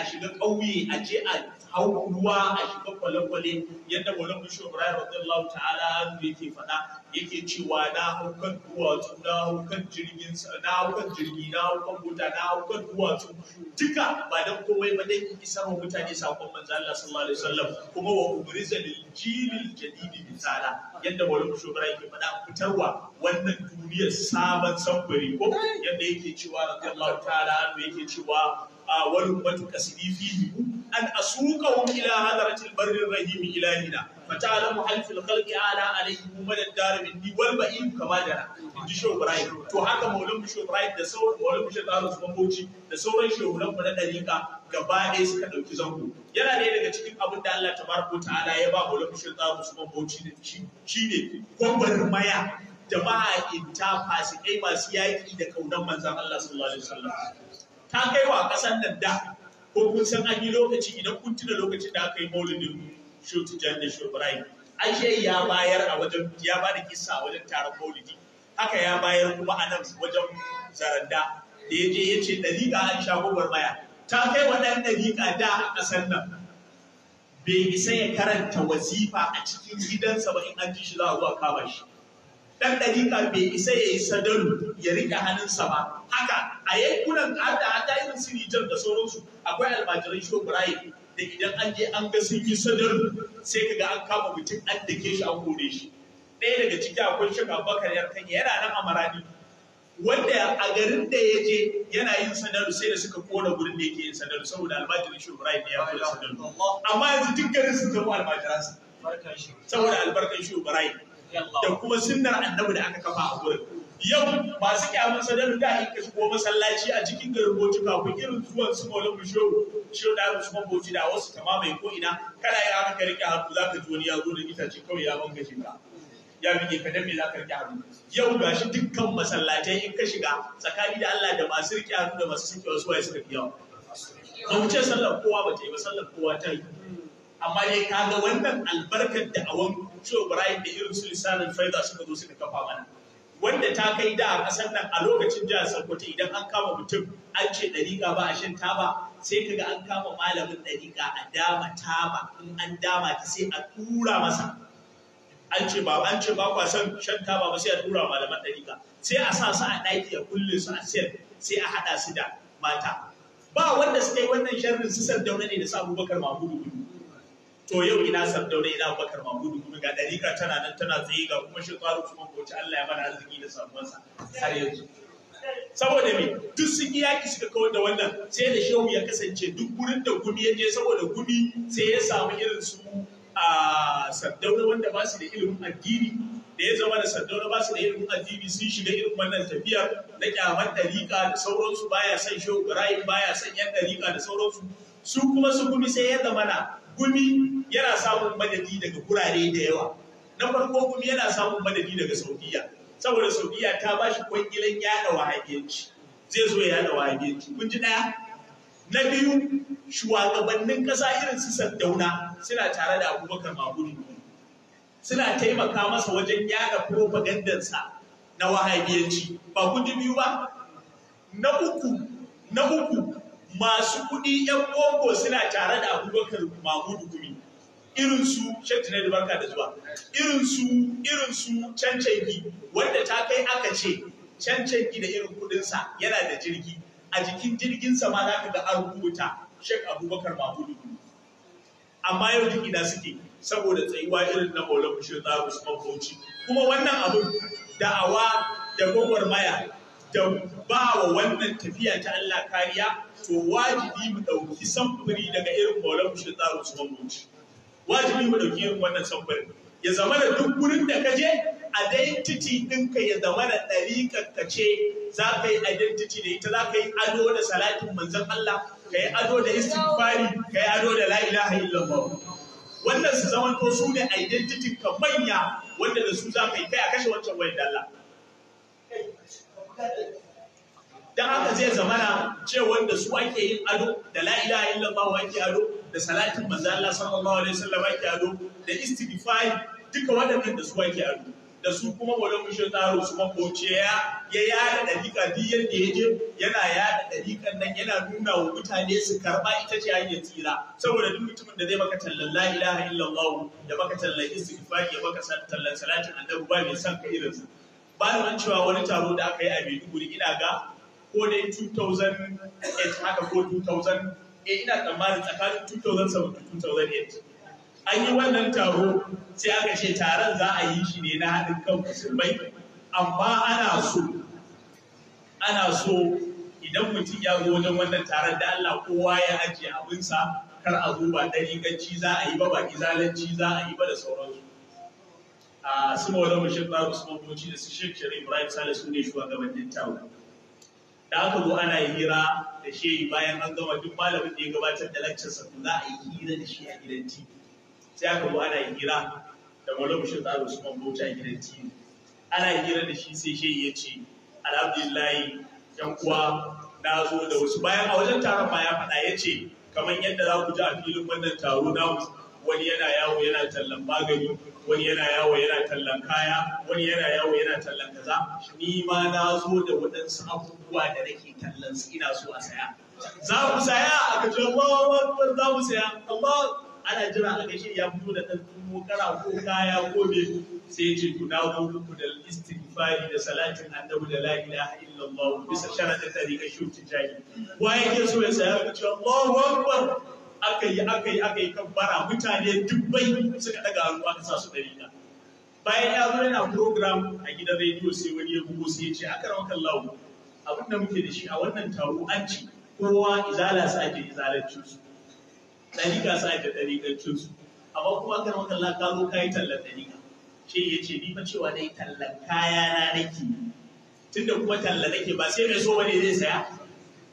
a shiga ƙauye a je a hau ruwa a shiga kwale-kwale yadda wani bishu ibrahim radiyallahu ta'ala hannu yake faɗa yake cewa na hau kan duwatsu na hau kan jirgin na hau kan jirgi na hau kan mota na hau kan duwatsu duka ba dan komai ba dan isar wa mutane sakon manzo Allah sallallahu alaihi wasallam kuma wa ubriza lil jilil jadidi bisala yadda wani bishu ibrahim ke faɗa fitarwa wannan duniyar sabon samfuri ko yadda yake cewa radiyallahu ta'ala hannu yake cewa ولمة كسبي فيه أن أسوقهم إلى هدرة البر الرحيم إلهنا فتعلم هل في a أعلى عليهم من الدار مني والبئيم كما جرى inji Shehu Ibrahim to haka Maulana Shehu Ibrahim da sauran Maulana Shehu Ibrahim su maboci da sauran shehunan mu na dariƙa gaba ɗaya suka ɗauki zango yana ɗaya daga cikin abin da Allah ko ta'ala ya ba Maulana Shehu Ibrahim su maboci da shi shine gwamnatin maya da ma'aikata fasikai masu yaƙi da kaunan manzon Allah sallallahu alaihi wasallam ta kai wa ƙasar nan da ko kun san an yi lokaci idan kun tuna lokacin da aka yi maulidin shoti jan da shubrahim ya bayar a wajen ya ba da kisa a wajen taron maulidi haka ya bayar kuma a nan wajen zaranda da ya je ya ce dalika an sha gwagwarmaya. ta kai wa ɗan ɗariƙa da a ƙasar nan bai isa ya karanta wasifa a cikin gidansa ba in an ji shi za a zuwa kama shi dan ɗariƙa bai isa ya yi sadaru ya riƙe hannunsa ba haka a yankunan da ta irin su Nijar da sauransu akwai almajiran shokuraye da idan an je an ga sun yi sadaru sai kaga an kama mutum an dake shi an kore shi ɗaya daga ciki akwai shi Abubakar kan yana nan a wanda a garin da ya je yana yin sadaru sai da suka kora gurin da yake yin sadar saboda shi shokuraye ne ya kula sadar amma yanzu duk garin su zama almajiransa saboda albarkan shokuraye da kuma sunnar annabi da aka kafa a gurin yau masu kyamun sadar da in ka shigo masallaci a cikin garin Bauchi ku irin zuwan su Maulana Bishoyu shirin da su man Bauchi da wasu kama mai ko ina kala ya haka ka rike hannu zaka ji wani ya zo da itace kawai ya bangaje ka ya bige ka dan me zaka rike hannu yau gashi dukkan masallatai in ka shiga tsakani da Allah da masu rike hannu da masu sake wasu waye suka fi yawa. Ba ce sallar kowa ba ta yi ba sallar kowa ta yi. amma dai kaga wannan albarkar da a awon Shehu Ibrahim da irin su lisanin faida suka zo suka kafa mana wanda ta kai da a ƙasar nan a lokacin jihar Sokoto idan an kama mutum an ce dariƙa ba a shan taba sai kaga an kama malamin dariƙa a dama taba in an dama ta sai a tura masa an ce ba an ce ba kwa son shan taba ba sai a tura malaman dariƙa sai a sa su a ɗaki a kulle su a sel sai a haɗa su da mata ba wanda suka yi wannan sharrin su sardauna ne da sa Abubakar Mahmudu Gudu to yau ina wani ina bakar mahmudu kuma ga dariƙa tana nan tana tsaye ga kuma shi faru kuma goci Allah ya mana arziki da samuwarsa har yanzu saboda me duk sun yi yaki suka kawar da wannan sai da shehu ya kasance duk gurin da gumi ya je saboda gumi sai ya samu irin su a saddauna wanda ba su da ilimin addini da ya zama da saddauna ba su da ilimin addini sun shiga irin wannan tafiyar na kyamar dariƙa da sauransu baya son shehu ibrahim baya son yan dariƙa da sauransu su kuma su gumi sai ya zama na gumi yana samun madadi daga gurare da yawa na farko gumi yana samun madadi daga saudiya saboda saudiya ta ba shi kwangilan yada wahabiyanci zai zo ya yada wahabiyanci kun ji daya na biyu shugabannin kasa irin su sardauna suna tare da abubakar mamudu suna taimaka masa wajen yada propagandansa na wahabiyanci ba kun ji biyu ba na uku na uku masu kuɗi yan koko suna tare da abubakar Mamudu Kumi, irin su shekti da barka da zuwa irin su irin su cancanki wanda ta kai aka ce cancanki da irin kuɗinsa yana da jirgi a jikin jirgin ma za ka ga an rubuta shek abubakar Mamudu gumi amma yau jiki da suke saboda tsayuwa irin na maula bashir na usman kuma wannan abun awa da gwagwarmaya da ba wa wannan tafiya ta Allah kariya to wajibi mu ɗauki samfuri daga irin maulan shi tsarin su mamuci wajibi mu ɗauki irin wannan samfuri ya zama da duk wurin da ka je identity ɗinka ya zama da ɗariƙar ka ce za ka yi identity da ita za ka yi ado da salatin manzon Allah ka yi ado da istighfari ka yi ado da la ilaha illallah wannan su to su ne identity ka manya wanda da su za ka yi kai a kashe wancan wayar da Allah dan haka zai zamana ce da su ake yin ado da la ilaha illallah ake ado da salatin manzo Allah sallallahu alaihi wasallam ake ado da istighfar duka waɗannan da su ake ado da su kuma wala mushin taro su makoce ya ya yada dalika duk yadda ya je yana yada dalikan nan yana nuna wa mutane su karba ita ce hanyar tsira saboda duk mutumin da zai maka tallan la ilaha illallah ya maka tallan istighfar ya maka tallan salatin annabi ba mai san ka irinsa ba an cewa wani taro da aka yi a Maiduguri ina ga ko dai 2008 haka ko 2000 eh ina tsammanin tsakanin 2007 2008 an yi wannan taro sai aka ce taron za a yi shi ne na haɗin kan musulmai amma ana so ana so idan mutum ya zo wajen wannan taron da Allah kowa ya ajiye abinsa kar a zo ba dariƙanci za a yi ba ba gizalanci za a yi ba da sauransu a su maulama shek babu su maboci da su shek sharif ibrahim sale su ne shugabannin tawa da aka zo ana hira da shehi bayan an gama duk malamin da ya gabatar da lakcin sa za a yi hira da shi a gidan tv sai aka zo ana hira da maulama shek babu su maboci a gidan tv ana hira da shi sai shehi ya ce alhamdulillahi yan uwa na zo da wasu bayan a wajen taron ma ya faɗa ya ce kamar yadda za ku ji a filin wannan taro na, wani yana yawo yana tallan magani wani yana yawo yana tallan kaya wani yana yawo yana tallan kaza ni ma na zo da waɗansu abubuwa da nake tallan su ina so a saya za mu saya a kaji Allahu za mu saya amma ana jira a gashi ya fito da ɗan tumo kara ko kaya ko me sai ya ce ku dawo muku da istighfari da salatin annabi da la ilaha illallah bisa sharadin tariqa shurti jahi wa yake so ya saya ku ce Allahu akbar aka yi aka yi aka yi bara mutane dubbai suka daga hannu aka sa su dari na bayan ya zo yana program a gidan rediyo sai wani ya bugo sai ya ce aka rawa kallahu abin da muke da shi a wannan taro an ci kowa izala sa ake izalancin su ɗariƙa sa ake ɗariƙancin su amma kuma aka rawa kallahu ka zo ka yi tallan ɗariƙa shi ya ce ni fa cewa dai tallan kaya na nake tunda kuma talla nake ba sai mai so wani zai saya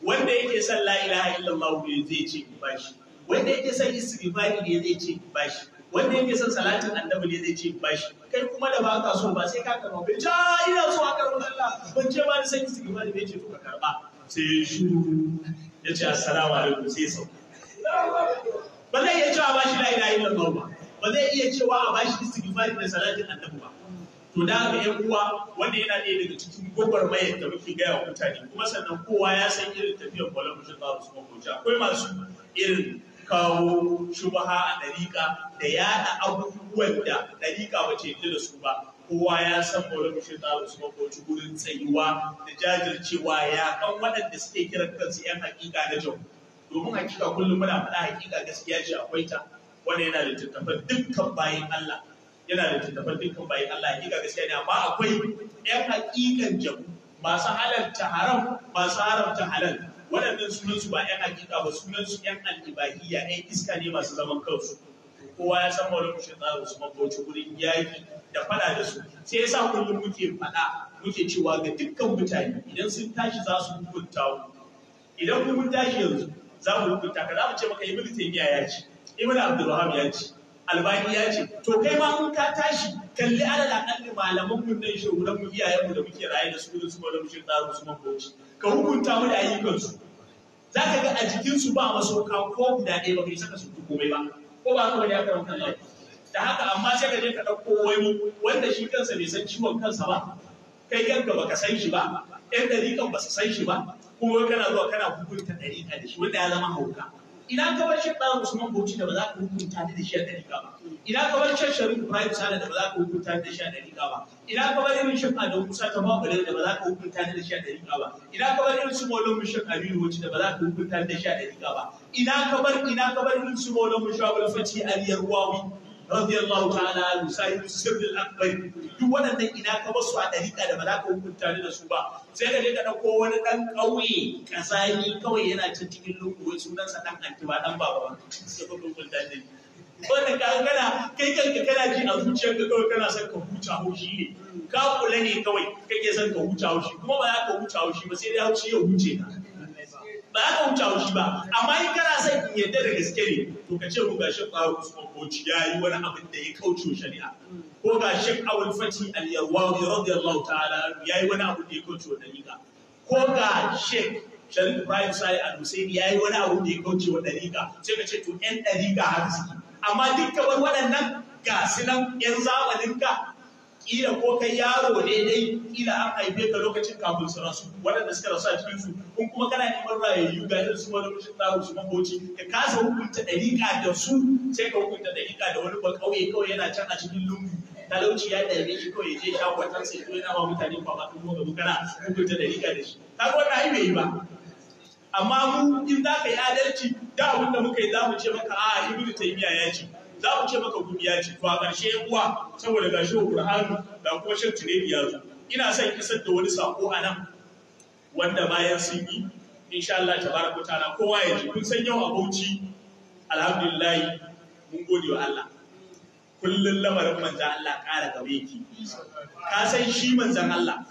wanda yake son la ilaha illallah zai ce ba shi wanda yake son istighfari ne zai ce bashi wanda yake son salatin annabi ne zai ce bashi kai kuma da ba ka so ba sai ka karba bai ja ah, ina so a karba Allah ban ce ba ni son istighfari ne ce to ka karba sai shi ya ce assalamu alaikum sai sau ba zai iya cewa bashi la ilaha illallah ba ba zai iya cewa a bashi istighfari da salatin annabi ba to da ga yan uwa wanda yana ɗaya daga cikin gwagwarmayar da muke gaya wa mutane kuma sannan kowa ya san irin tafiyar kwallon mutum za su ja akwai masu irin kawo shubaha a dariƙa da da abubuwan da dariƙa ba ce da su ba kowa ya san mu shi da su makoci gurin tsayuwa da jajircewa ya kan waɗanda suke kiran kansu yan hakika na jau domin hakika kullum muna faɗa hakika gaskiya ce akwai ta wanda yana da tattafan dukkan bayan Allah yana da tattafan dukkan bayan Allah hakika gaskiya ne amma akwai yan hakikan jau masu halarta haram masu haramta halal waɗannan sunansu ba 'yan hakika ba sunansu 'yan al'ibahiya 'yan iska ne masu zaman kansu kowa ya san wani mushin tsarin su makoci wurin yaƙi da faɗa da su sai yasa kullum muke faɗa muke cewa ga dukkan mutane idan sun tashi za su hukunta mu idan mun tashi yanzu za mu hukunta ka za mu ce maka ibnu taymiya ya ce ibnu abdulwahab ya ce albani ya ce to kai ma in ka tashi kalli alal akalli malaman mu nan shugaban mu iyayen mu da muke raye da su da su da muke tsaro su maboci ka hukunta mu da ayyukan su zaka ga a jikin su ba masauka ko guda ɗaya ba kai saka su komai ba ko ba haka ya karanta ne da haka amma sai ka je ka ɗauko wai wanda shi kansa bai san ciwon kansa ba kai kanka baka san shi ba ɗan ɗarikan ba su san shi ba kuma kana zuwa kana hukunta ɗariƙa da shi wanda ya zama hauka ina ka bar shek ɗan usman bauchi da ba za ka hukunta da shi a ɗariƙa ba ina ka bar shek sharif ibrahim sale da ba za ka hukunta da shi a ɗariƙa ba ina ka bar irin shek adamu musa ta babale da ba za ka hukunta da shi a ɗariƙa ba ina ka bar irin su maulon shek aminu wacce da ba za ka hukunta da shi a ɗariƙa ba ina ka bar ina ka bar irin su maulon shek abul fati aliyar wawi radiyallahu ta'ala anhu sahibu sirril akbar duk waɗannan ina ka basu a ɗarika da ba za ka hukunta ni da su ba sai ka je ka ɗauko wani ɗan ƙauye ƙazami kawai yana can cikin lungu sunansa ɗan anti ba ɗan baba ba sai ka hukunta ni wannan ka kana kai kanka kana ji a zuciyarka kawai kana son ka huta haushi ne ka kula ne kawai kake son ka huta haushi kuma ba za ka huta haushi ba sai dai haushi ya huce ka ba ka wuce haushi ba amma in kana son in yadda da gaske ne to ka ce ku ga shek Faruk Usman Bauchi ya yi wani abin da ya kauce shari'a ko ga shi Awul Fati Al-Yarwawi radiyallahu ta'ala ya yi wani abu da ya kauce wa dariƙa ko ga shek Sharif Ibrahim sai a husaini ya yi wani abu da ya kauce wa dariƙa sai ka ce to ƴan dariƙa har suke amma duk kamar waɗannan ga sinan yan ƴan zamanin ka kila ko kai yaro ne dai kila an haife ka lokacin kafin su rasu waɗanda suka rasu a cikin su kun kuma kana neman rayayyu ga irin su wani mutum tsaro su maboci ka kasa hukunta ɗariƙa da su sai ka hukunta ɗariƙa da wani bakauye kawai yana can a cikin lungu talauci ya ɗaibe shi kawai je kwatan sai to yana ba mutane ba ma ɗin gaba kana hukunta ɗariƙa da shi ka ga wannan bai yi ba amma mu in za ka yi adalci da abin da muka yi za mu ce maka a ibnu taymiya ya ce za mu ce maka ya ce to a ƙarshe ya uwa saboda ga shehu da kuma shehu Tirebi ya zo ina son isar da wani sako a nan wanda bayan sun yi insha Allah ta tabaraka na kowa ya ji kun san yau a Bauchi alhamdulillah mun gode wa Allah kullun lamarin manzan Allah ƙara gaba yake ka san shi manzan Allah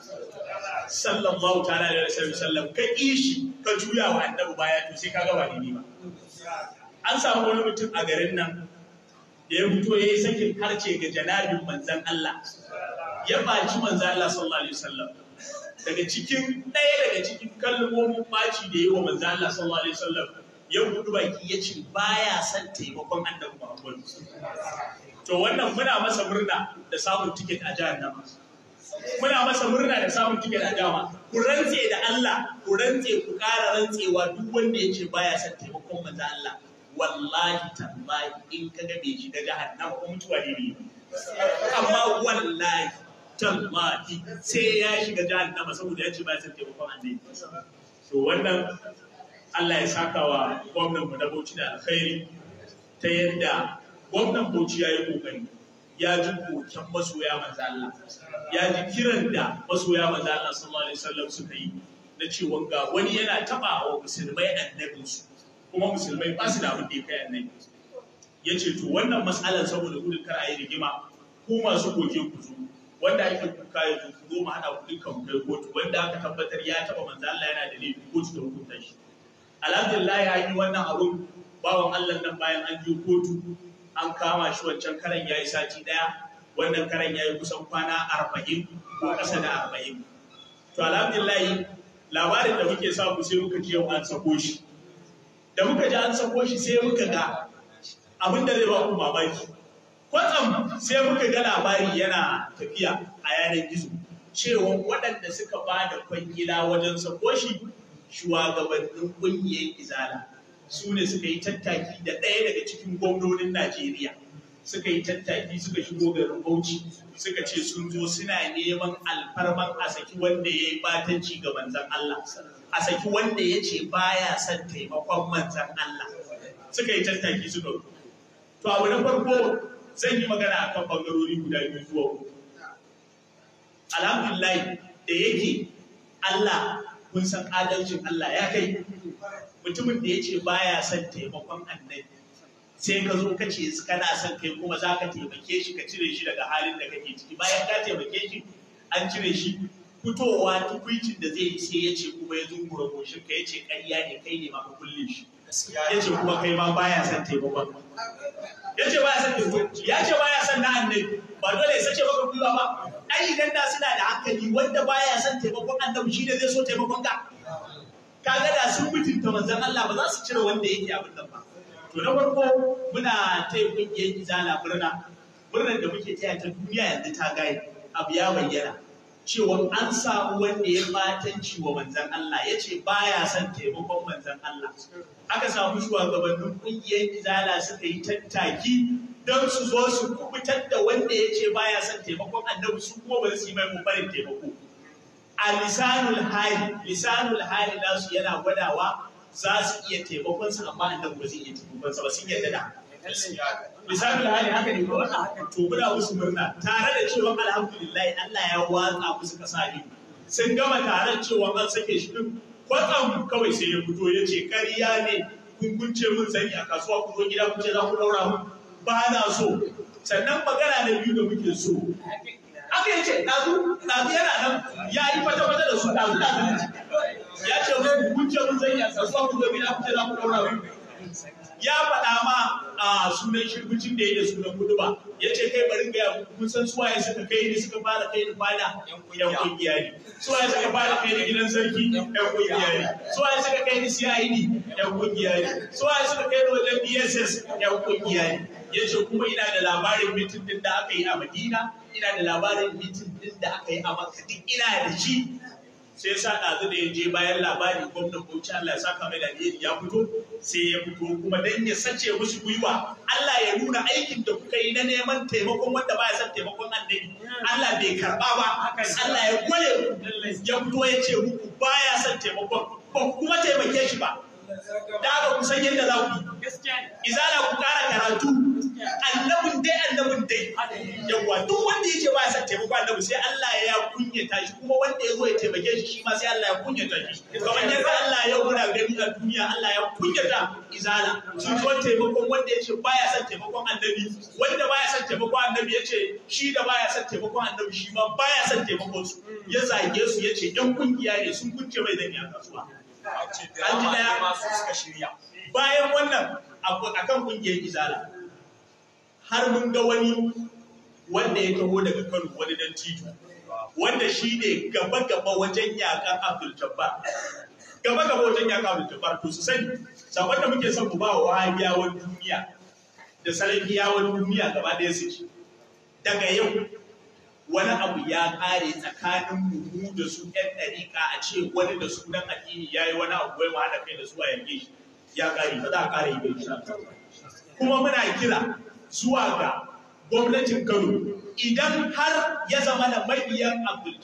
sallallahu ta'ala alaihi wa sallam ka ishi, ka juya wa annabi baya to sai ka ga wani ne ba an samu wani mutum a garin nan da ya fito ya yi sakin harce ga janabin manzan Allah ya baci manzan Allah sallallahu alaihi wasallam daga cikin ɗaya daga cikin kalmomin baci da yi wa manzan Allah sallallahu alaihi wasallam ya gudu baki ya ce baya son taimakon annabi Muhammad to wannan muna masa murna da samun tiket a jihar nan muna masa murna da samun tiket a jama ku rantse da Allah ku rantse ku ƙara rantsewa duk wanda ya ce baya son taimakon manzan Allah wallahi tallahi in ka ga bai shiga jahannama ko mutuwa ne amma wallahi tallahi sai ya shiga jahannama saboda ya ce ba ba taimakon annabi to wannan Allah ya saka wa gwamnan mu da Bauchi da alkhairi ta yadda gwamnan Bauchi ya yi kokari ya ji koken masoya manzo Allah ya ji kiran da masoya manzo Allah sallallahu alaihi wasallam suka yi na cewa ga wani yana taba wa musulmai annabinsu kuma musulmai ba su da abin da ya kai annabi ya ce to wannan matsalar saboda gudun kar a yi rigima ko masu goge ku zo wanda ake kuka ya zo ku zo mu haɗa ku dukkan kai kotu wanda aka tabbatar ya taɓa manzo Allah yana da laifi kotu ta hukunta shi alhamdulillah ya yi wannan abun bawan Allah nan bayan an je kotu an kama shi wancan karan ya yi sati ɗaya wannan karan ya yi kusan kwana arba'in ko ƙasa da arba'in to alhamdulillah labarin da muke samu sai muka je mu an sako shi da muka ji an sako shi sai muka ga abin da zai ba ku mamaki kwatsam sai muka ga labari yana tafiya a yanar gizo cewa waɗanda suka ba da kwangila wajen sako shi shugabannin ƙungiyar izala su ne suka yi tattaki da ɗaya daga cikin gwamnonin najeriya suka yi tattaki suka shigo garin Bauchi suka ce sun zo suna neman alfarman a saki wanda ya yi batanci ga manzan Allah a saki wanda ya ce baya son taimakon manzan Allah suka yi tattaki suka zo to abu na farko zan yi magana akan bangarori guda biyu zuwa uku alhamdulillah da yake Allah kun san adalcin Allah ya kai mutumin da ya ce baya son taimakon annabi sai ka zo ka ce kana son kai kuma za ka taimake shi ka cire shi daga halin da kake ciki bayan ka taimake shi an cire shi fitowa tukuicin da zai sai ya ce kuma ya zungura goshin ka ya ce ƙarya ne kai ne maka kulle shi ya ce kuma kai ma baya son taimakon ya ce baya son taimakon ya ce baya son na annabi ba dole ya sace maka kulla ba ai idan da suna da hankali wanda baya son taimakon annabi shi ne zai so taimakon ka kaga da sun mutunta manzon Allah ba za su cire wanda yake abin nan ba to na farko muna taya kungiyar izala birna, birnin da muke taya ta duniya yanzu ta gaye abu ya bayyana cewa an samu wanda ya batanci wa manzan Allah ya ce ba ya son taimakon manzan Allah aka samu shugabannin kungiyar izala suka yi tattaki don su zo su kubutar da wanda ya ce ba ya son taimakon annabi su kuma ba su yi mai taimako a lisanul hali lisanul hali nasu yana gwadawa za su iya taimakon sa amma annabi ba zai iya taimakon sa ba sun yarda da misali hali haka ne ko wannan haka to muna musu murna tare da cewa alhamdulillah Allah ya watsa musu kasa ne sun gama taron cewa an sake shi din kwatsam kawai sai ya fito ya ce ƙarya ne kun kunce mun sani a kasuwa ku zo gida ku ce za ku daura mu ba na so sannan magana na biyu da muke so aka yace dazu dazu yana nan ya yi fata fata da su dazu da zan ya ce mu kunce mun zan ya sarfa ku da bila ku za ku ɗaura daura ya faɗa ma a sunan shirgucin da ya da sunan guduba ya ce kai bari barin gaya mun san suwaye suka kai ni suka fara kai ni fada yan kungiya ne suwaye suka fara kai ni gidan sarki yan kungiya ne suwaye suka kai ni CID yan kungiya ne suwaye suka kai ni wajen DSS yan kungiya ne ya kuma ina da labarin mitin din da aka yi a madina ina da labarin mitin din da aka yi a makka duk ina da shi sai ya sa ɗazu da ya je bayan labari gwamnan bauchi Allah ya saka mai da ya fito sai ya fito kuma dan ya sace musu gwiwa Allah ya nuna aikin da kuka yi na neman taimakon wanda baya son taimakon annabi Allah bai karba ba Allah ya kware ya fito ya ce muku baya son taimakon ba kuma taimake shi ba da aka kusan yadda za ku izala ku ƙara karatu annabin dai annabin dai yawa duk wanda yake ba san taimako annabi sai Allah ya kunyata shi kuma wanda ya zo ya taimake shi shi ma sai Allah ya kunyata shi kamar yadda Allah ya gura gani a duniya Allah ya kunyata izala Sun ko taimakon wanda ba ya san taimakon annabi wanda ba ya san taimakon annabi yace shi da ba ya san taimakon annabi shi ma ya san taimakon su ya zage su yace ƴan kungiya ne sun kunce mai zanya kasuwa an ji daya masu suka shirya bayan wannan akan kungiyar izala har mun ga wani wanda ya taho daga Kano wani dan tito wanda shi ne gaba gaba wajen yakan Abdul Jabbar gaba gaba wajen yakan Abdul Jabbar to su sani sabon da muke son ku ba wa wahabiyawan duniya da salafiyawan duniya gaba ɗaya su daga yau wani abu ya kare tsakanin mu da su ɗan ɗariƙa a ce wani da su sunan addini ya yi wani abu wai wahala kai da su a yanke shi ya kare ba za a kare yi sha kuma muna kira zuwa ga gwamnatin Kano idan har ya zama da mabiyan Abdul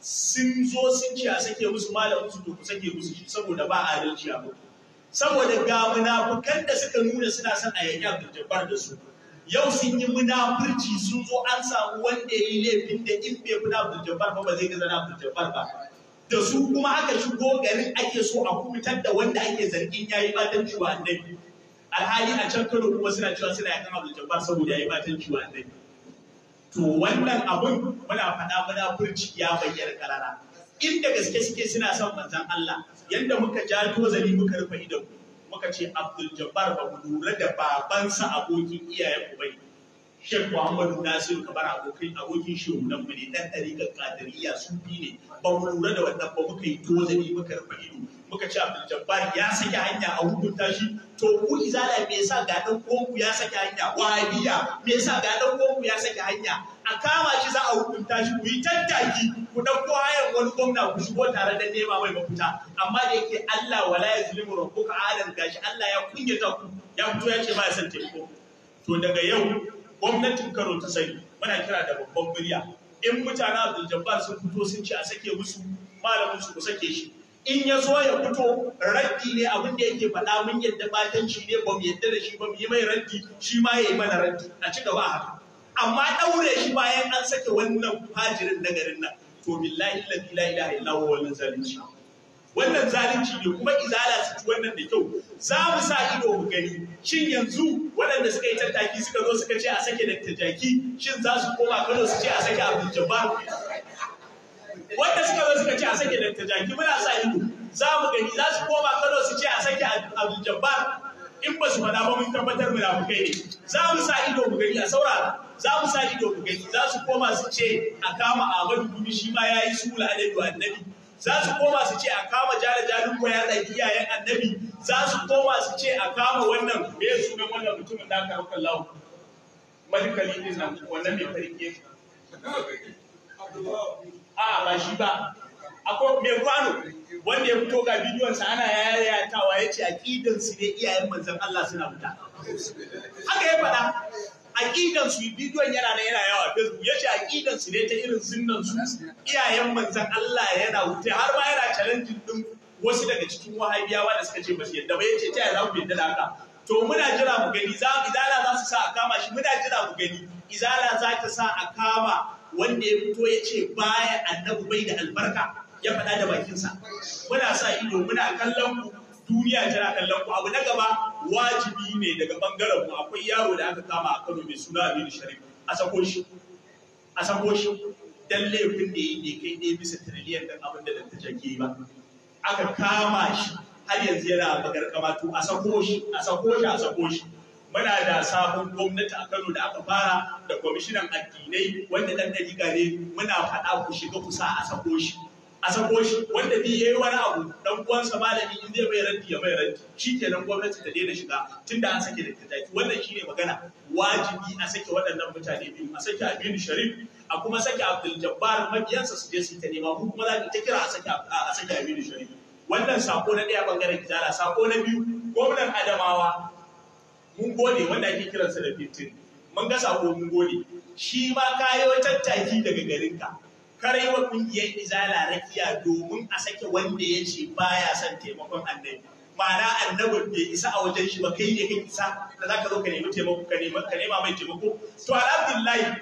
sun zo sun ce a sake musu malaminsu su to ku sake musu shi saboda ba a adalci a saboda ga munafukan da suka nuna suna son a yanke Abdul da su yau sun yi munafurci sun zo an samu wanda ya yi laifin da in bai muna Abdul Jabbar ba ba zai gaza Abdul Jabbar ba da su kuma aka shigo garin ake so a kubutar da wanda ake zargin yayi batanci a annabi alhali a can Kano kuma suna cewa suna yakan Abdul Jabbar saboda yayi batanci a annabi to wannan abun muna faɗa munafurci ya bayyana karara inda gaske suke suna son manzon Allah yanda muka ja tozali muka rufe idan muka ce Abdul Jabbar ba mu lura da babansa abokin iyayen ubai Sheikh Muhammadu Nasiru kamar abokin abokin shi mu ne dan dariƙar su sufi ne ba mu lura da wannan ba muka yi tozani muka rufe ido muka ce Abdul Jabbar ya saki hanya a hukunta shi to ku izala me yasa ga dan uwanku ya saki hanya wahabiya me yasa ga dan uwanku ya saki hanya a kama shi za a hukunta shi ku yi tattaki ku dauko hayan wani gwamna ku shigo tare da nema mai mafuta amma da yake Allah wala ya yazlimu rabbuka adam gashi Allah ya kunyata ku ya fito ya ce ba ya san taimako to daga yau gwamnatin karo ta sai muna kira da babban murya in mutanen Abdul Jabbar sun fito sun ce a sake musu malamin su ku sake shi in ya zo ya fito raddi ne abin da yake faɗa mun yadda batanci ne ba mu yadda da shi ba mu yi mai raddi shi ma ya yi mana raddi a ci gaba haka amma ɗaure shi bayan an sake wannan fajirin na garin nan to billahi la ilaha illallah wannan zalunci wannan zalunci ne kuma izala su ci wannan da kyau za mu sa ido mu gani shin yanzu waɗanda suka yi tattaki suka zo suka ce a sake da shin za su koma kano su ce a sake abin jabbar wanda suka zo suka ce a sake da jaki muna sa ido za mu gani za su koma kano su ce a sake abdul jabbar in ba su faɗa ba mun tabbatar mu kai ne za mu sa ido mu gani a saurara za mu sa ido mu gani za su koma su ce a kama Ahmadu dubi shi ma ya yi sula adadu annabi za su koma su ce a kama jala jalin ko ya tsaki iyayen annabi za su koma su ce a kama wannan me su sunan wannan mutumin da aka rukar lawo malikali ne wannan mai farke a ba shi ba akwai mai kwano wanda ya fito ga bidiyonsa ana yayatawa ya ce aƙidansu ne iyayen manzan Allah suna fita haka ya faɗa aƙidansu bidiyon yana na yana yawa facebook ya ce aƙidansu ne ta irin su iyayen manzan Allah yana wuce har ma yana challenging din wasu daga cikin wahabiyawa da suka ce ba su yadda ba ya ce ta za ku yadda da haka to muna jira mu gani za izala za su sa a kama shi muna jira mu gani izala za ta sa a kama wanda ya fito ya ce baya annabi bai da albarka ya faɗa da bakinsa muna sa ido muna kallon ku duniya tana kallon ku abu na gaba wajibi ne daga bangaren mu akwai yaro da aka kama a Kano mai suna Aminu Sharif a sako shi a sako shi dan laifin da yake kai ne bisa trillion dan abin da da ta jage ba aka kama shi har yanzu yana bagar kama to a sako shi a sako shi a sako shi muna da sabon gwamnati a Kano da aka fara da kwamishinan addinai wanda dan dalika ne muna faɗa ku shiga ku sa a sako shi a sako shi wanda bi yayi wani abu dan uwansa malami in zai bai ranti ya bai ranti nan gwamnati ta daina shiga tunda an sake da littattafai wannan shine magana wajibi a sake waɗannan mutane biyu a sake Aminu Sharif a kuma sake Abdul Jabbar mabiyansa su je su ta nema ku kuma za ta kira a sake a sake Aminu Sharif wannan sako na ɗaya bangaren Kizala sako na biyu gwamnan Adamawa mun gode wanda ake kiransa da fitin mun ga sako mun gode shi ma kayo tattaki daga garin Ka karai wa kungiyar izala rakiya domin a sake wanda ya ce baya son taimakon annabi ma'ana annabin bai isa a wajen shi ba kai ne kai isa da zaka zo ka nemi taimako ka nema ka nema mai taimako to alhamdulillah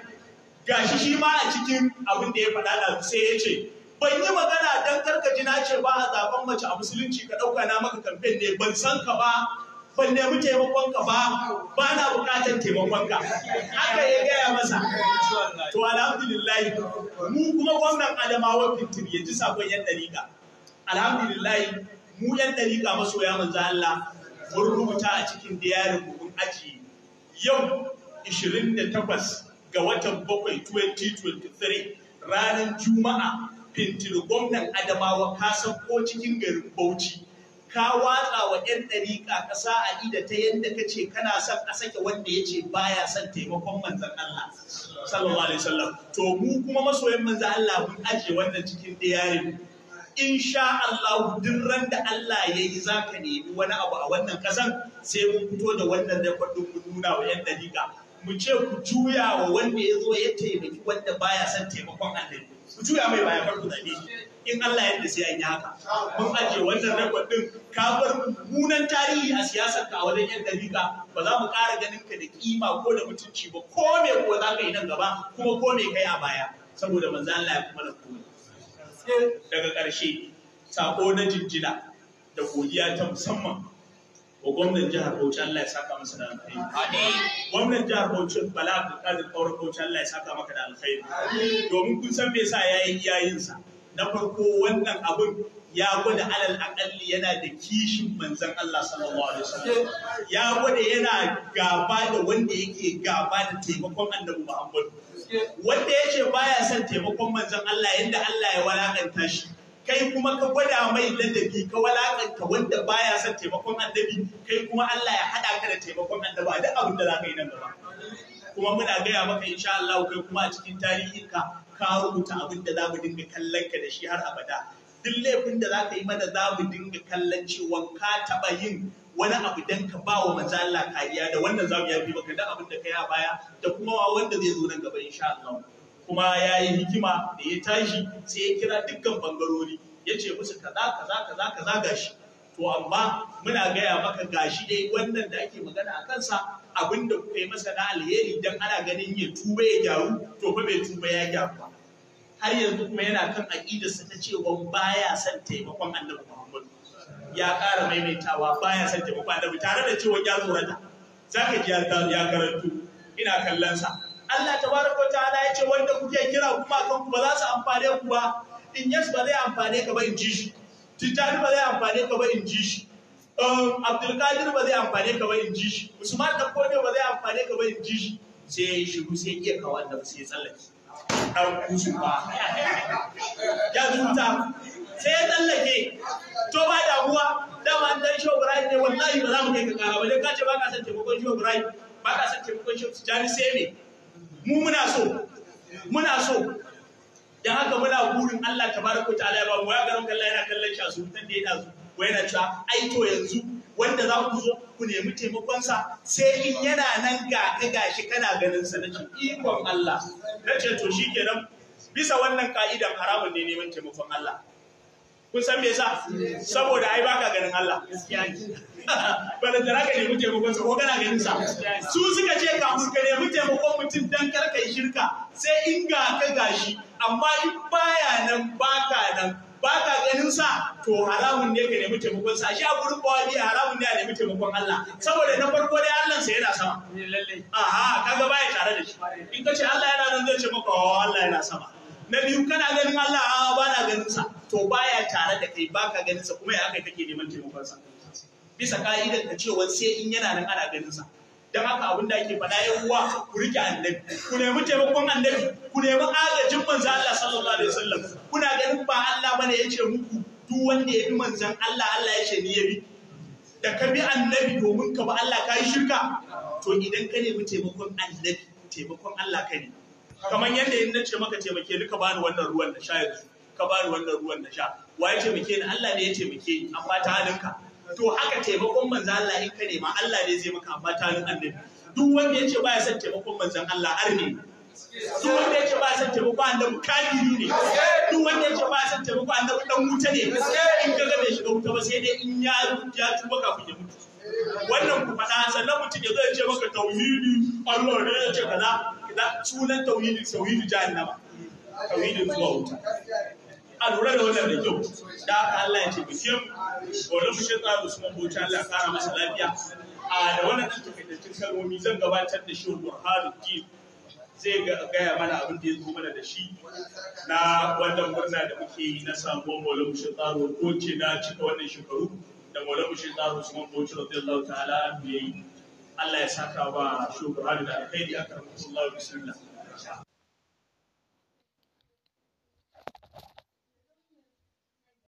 gashi shi ma a cikin abin da ya faɗa da sai yace, ban yi magana dan karkaji na ce ba a zaben mace a musulunci ka ɗauka na maka kamfen ne ban san ka ba ban nemi taimakon ka ba ba na bukatar taimakon ka haka ya gaya masa to alhamdulillahi mu kuma gwamnan adamawa fitir ya ji sakon yan dariƙa alhamdulillahi mu yan dariƙa masoya manzo Allah mun rubuta a cikin diyarin mu aji yau 28 ga watan 7 2023 ranar juma'a fitir gwamnan adamawa kasan ko cikin garin bauchi ka watsa wa 'yan ɗariƙa ƙasa a ida ta yadda ka ce kana son a sake wanda ya ce baya son taimakon manzan Allah sallallahu alaihi wasallam to mu kuma masoyan manzan Allah mun aje wannan cikin in insha Allah duk ran da Allah ya yi za ka nemi wani abu a wannan kasan sai mun fito da wannan da kwado mu nuna wa 'yan ɗariƙa mu ce ku juya wa wanda ya zo ya taimaki wanda baya son taimakon annabi ku juya mai bayan farko zabe in Allah yadda sai an yi haka mun aje wannan rekod din ka bar munan tarihi a siyasar ka a wajen yan dalika ba za mu ƙara ganin ka da kima ko da mutunci ba ko me kuwa za ka yi nan gaba kuma ko me kai a baya saboda manzo Allah ya kuma na komai daga ƙarshe sako na jinjina da godiya ta musamman wa gwamnan jihar Bauchi Allah ya saka masa da alkhairi. Gwamnan jihar Bauchi Bala Abdulkadir Kaura Bauchi Allah ya saka maka da alkhairi. Domin kun san me yasa yayi iyayensa. Na farko wannan abun ya gwada alal akalli yana da kishin manzon Allah sallallahu alaihi wasallam. Ya gwada yana gaba da wanda yake gaba da taimakon Annabi Muhammad. Wanda yace baya son taimakon manzon Allah yanda Allah ya walakanta shi. kai kuma ka gwada mai ladabi ka walakanta wanda baya son taimakon annabi kai kuma Allah ya hada ka da taimakon annabi duk abin da zaka yi nan gaba kuma muna gaya maka insha Allah kai kuma a cikin tarihin ka rubuta abin da za mu dinga kallon ka da shi har abada duk laifin da zaka yi mana za mu dinga kallon cewa ka taba yin wani abu dan ka ba wa manzo Allah kariya da wannan za mu yafi maka da abin da kai a baya da kuma wanda zai zo nan gaba insha Allah kuma ya yi hikima da ya tashi sai ya kira dukkan bangarori ya ce musu kaza kaza kaza kaza gashi to amma muna gaya maka gashi dai wannan da ake magana a kansa abinda kuka yi masa na alheri dan ana ganin ya tuba ya gyaru to fa bai tuba ya gyaru ba har yanzu kuma yana kan aƙidarsa ta cewa baya son taimakon annabi Muhammad ya ƙara maimaitawa baya son taimakon annabi tare da cewa ya tsorata zaka ji ya karantu ina kallon sa Allah tabaraka ta'ala ya ce wanda kuke kira kuma kan ku ba za su amfane ku ba in yes ba zai amfane ka ba in ji shi tijjani ba zai amfane ka ba in ji shi um, abdulkadir ba zai amfane ka ba in ji shi usman da kone ba zai amfane ka ba in ji shi sai ya yi shiru sai ya kawo annabi sai ya tsallake ɗan kusu ba ya zuta sai ya tsallake to ba damuwa dama an dan shiwa burai ne wallahi ba za mu kai ka kara ba dai ka ce ba ka san taimakon shiwa burai ba ka san taimakon shiwa tijjani sai ne mu muna so muna so dan haka muna burin Allah tabaraka ta'ala ya ba mu ya garin kallai yana kallon shi a tun da ya dazu wai yana cewa ai to yanzu wanda za ku zo ku nemi taimakon sa sai in yana nan ga ka gashi kana ganin sa nace ikon Allah nace to shikenan bisa wannan ka'idan haramun ne neman taimakon Allah kun san me yasa saboda ai baka ganin Allah da raka ne taimakon sa ko kana ganin sa su suka ce kafin ka nemi taimakon mutum dan kar shirka sai in ga ka gashi amma in baya nan baka nan baka ganin sa to haramun ne ka nemi taimakon sa shi a gurin bawali haramun ne a nemi taimakon Allah saboda na farko dai Allah sa yana sama aha kaga baya tare da shi in ka ce Allah yana nan zai ce maka oh, Allah yana sama na biyu kana ganin Allah a ba na ganin sa to baya tare da kai baka ganin sa kuma ya aka kake neman taimakon sa bisa ka'idar da cewa sai in yana nan ana ganin sa dan haka abin da ake faɗa yan uwa ku rike annabi ku nemi taimakon annabi ku nemi agajin manzo Allah sallallahu alaihi wasallam kuna ganin ba Allah bane yace muku duk wanda ya bi manzon Allah Allah yace ni ya bi da ka bi annabi domin ka ba Allah ka yi shirka to idan ka nemi taimakon annabi taimakon Allah ka ne kamar yadda in na ce maka taimake ni ka bani wannan ruwan da shayar ka bani wannan ruwan na sha wa ya muke ni Allah ne ya ni amma ta halinka to haka taimakon manzan Allah in ka nema Allah ne zai maka amma ta halin annabi duk wanda ya ce baya son taimakon manzan Allah arni duk wanda ya ce baya son taimakon annabi kafiri ne duk wanda ya ce baya son taimakon annabi dan wuta ne in ka ga bai shiga wuta ba sai dai in ya ya tuba kafin ya mutu wannan ku faɗa sannan mutum ya zai ce maka tauhidi Allah ne ya ce kaza sunan tauhidi tauhidi jahannama tauhidin zuwa wuta a lura da wannan da kyau da Allah ya ce bishe mu wani mu shi tsaro su Allah ya kara masa lafiya a da wannan ɗan takaitaccen kalmomi zan gabatar da shi burhanu zai gaya mana abin da ya zo mana da shi na wannan murna da muke yi na samuwar wani mu tsarin ko ce na cika wannan shekaru da wani mu shi tsaro su mambauci radiyallahu ta'ala an biyayi Allah ya saka wa shugaba da alkhairi akan Rasulullah